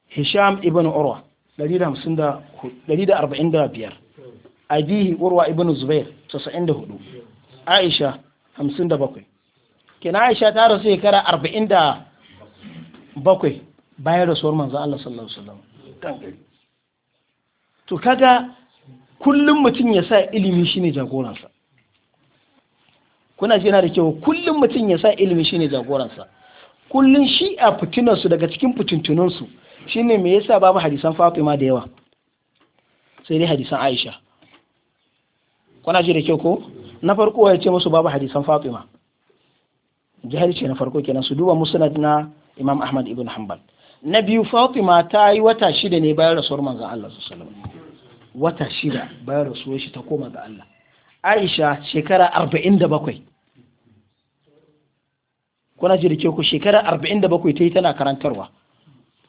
hisham ibn urwa 145 abihi urwa ibn zubair 94 aisha 57 kina aisha ta rasu shekara 47 bayan rasuwar manzo Allah sallallahu alaihi wasallam to kaga kullum mutum ya sa ilimi shine jagoransa kuna jina da kyau kullum mutum ya sa ilimi shine jagoransa kullum shi a fitinarsu daga cikin fitintunansu shine me yasa babu hadisan Fatima da yawa sai dai hadisan Aisha kuna ji da kyau ko na farko ya ce musu babu hadisan Fatima ce na farko kenan su duba musnad na Imam Ahmad ibn Hanbal na biyu Fatima ta yi wata shida ne bayan rasuwar manzon Allah sallallahu alaihi wasallam wata shida bayan rasuwar shi ta koma ga Allah Aisha shekara arba'in da bakwai kuna ji da ke ku shekara arba'in da bakwai ta yi tana karantarwa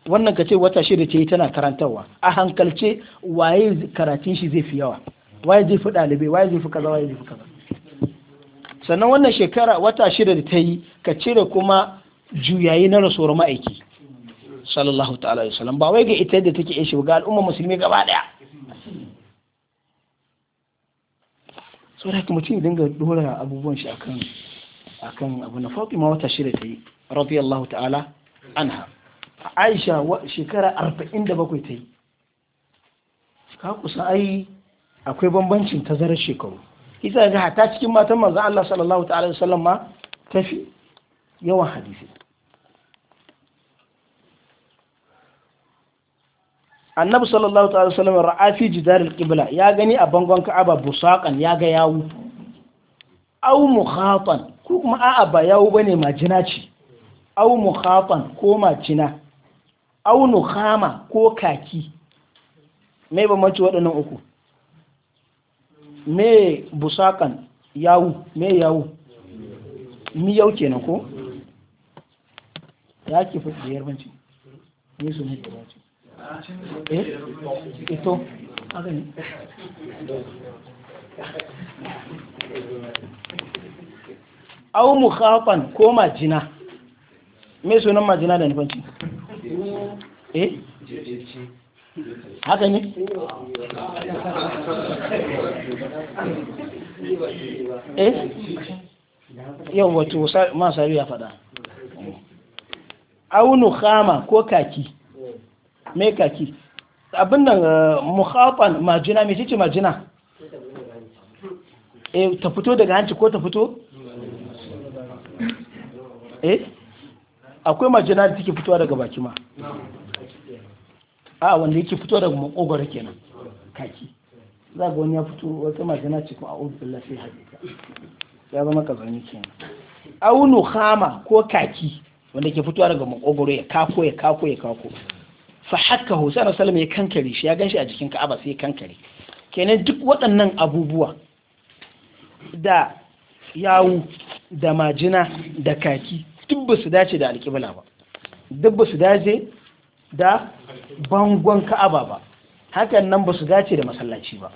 wannan ka ce wata shida ta yi tana karantarwa a hankalce waye karatun shi zai fi yawa waye zai fi ɗalibai waye zai fi kaza waye zai fi kaza sannan wannan shekara wata shida da ta yi ka cire kuma juyayi na rasuwar ma'aiki sallallahu ta'ala sallam ba wai ga ita da take yin shi ga al'umma musulmi gaba ɗaya. so da haka mutum dinga dora abubuwan shi akan akan abu na ma wata shirya ta yi Allah ta'ala anha Aisha shekara 47 ta yi ka kusa ai akwai bambancin tazarar shekaru isa ga hata cikin matan mazan Allah sallallahu ta'ala sallama ta fi yawan hadisi annabi sallallahu ta'ala sallam ra'a fi jidaril qibla ya gani a bangon ka'aba busaqan ya ga yawu aw mukhatan ko kuma a'a ba yawu bane majina ce aw mukhatan ko majina aw nukhama ko kaki me mace waɗannan uku me busaqan yawu me yawu mi yau kenan ko ya ke fi da yarbanci ne su ne eh ito haka ne au mukhafan ko majina me sunan majina da nufanci eh haka ne eh yau wato masu ya fada. au nukhama ko kaki me kaki abin da eh, mukhafan majina me ce majina eh ta fito daga hanci ko ta fito eh akwai majina da take fitowa daga baki ma a ah, wanda yake fito daga makogoro kenan kaki za ga wani ya fito wata majina ce ko a'udhu billahi sai hadika ya zama kazani kenan aunu khama ko kaki wanda ke fitowa daga makogoro ya kako ya kako ya kako fa haka hu sai ya kankare shi ya ganshi a jikin ka'aba sai ya kankare kenan duk waɗannan abubuwa da yawu da majina da kaki duk ba su dace da alƙibla ba duk ba su dace da bangon ka'aba ba hakan nan ba su dace da masallaci ba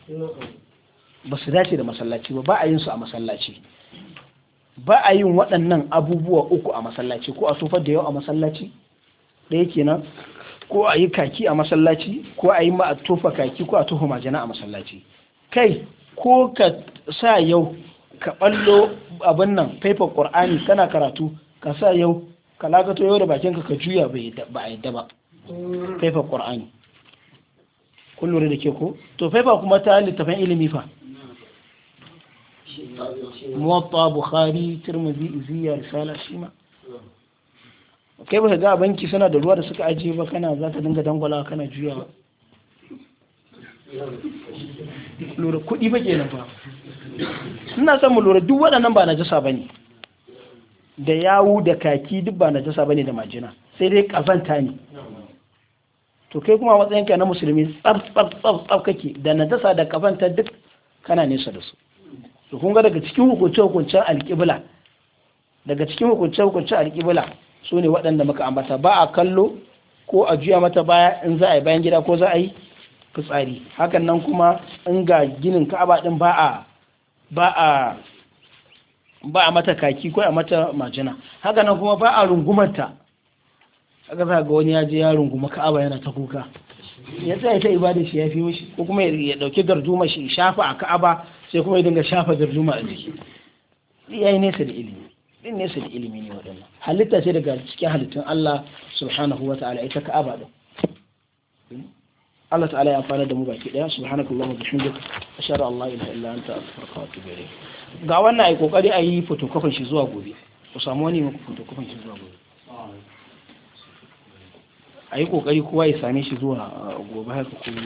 ba su dace da masallaci ba ba a yin su a masallaci ba a yin waɗannan abubuwa uku a masallaci ko a sufar da yau a masallaci ɗaya kenan ko a yi kaki a masallaci ko a yi ma a tofa kaki ko a tofa majina a masallaci kai ko ka sa yau ka ballo abin nan faifar qur'ani kana karatu ka sa yau ka lagato yau da bakinka ka juya ba a yadda ba Faifan qur'ani kun da ke ko to faifa kuma ta littafin ilimi fa muwatta bukhari tirmidhi iziya risala shima kai ba ga banki suna da ruwa da suka ajiye ba kana za ka dinga dangwala kana juya ba lura kuɗi ba kenan fa ina son mu lura duk waɗannan ba na jasa ba ne da yawu da kaki duk ba na jasa ba ne da majina sai dai kazanta ne to kai kuma matsayin ka na musulmi tsaf tsaf tsaf tsaf kake da jasa da kazanta duk kana nesa da su to kun ga daga cikin hukunce hukuncen alƙibla daga cikin hukunce hukuncen alƙibla su ne waɗanda muka ambata ba a kallo ko a juya mata baya in za a yi bayan gida ko za a yi fitsari hakan nan kuma in ga ginin ka'aba din ba a ba a mata kaki ko a mata majina hakan nan kuma ba a rungumarta haka za ga wani yaje ya runguma ka'aba yana ta kuka ya tsaye ta ibada shi ya fi mishi ko kuma ya dauki darduma shi shafa a ka'aba sai kuma ya dinga shafa darjuma a jiki yayi nesa da ilimi din ne su da ilimi ne waɗannan halitta ce daga cikin halittun Allah subhanahu wa ta'ala ita ka'aba din Allah ta'ala ya amfana da mu baki daya subhanakallahu wa bihamdika ashhadu an la ilaha illa anta astaghfiruka wa atubu ilayk ga wannan ai kokari ayi photocopy shi zuwa gobe ku samu wani mu photocopy shi zuwa gobe ayi kokari kowa ya same shi zuwa uh, gobe haka ku gobe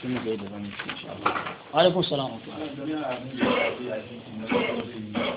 sun ga da zamu yi insha Allah alaikum salam wa rahmatullahi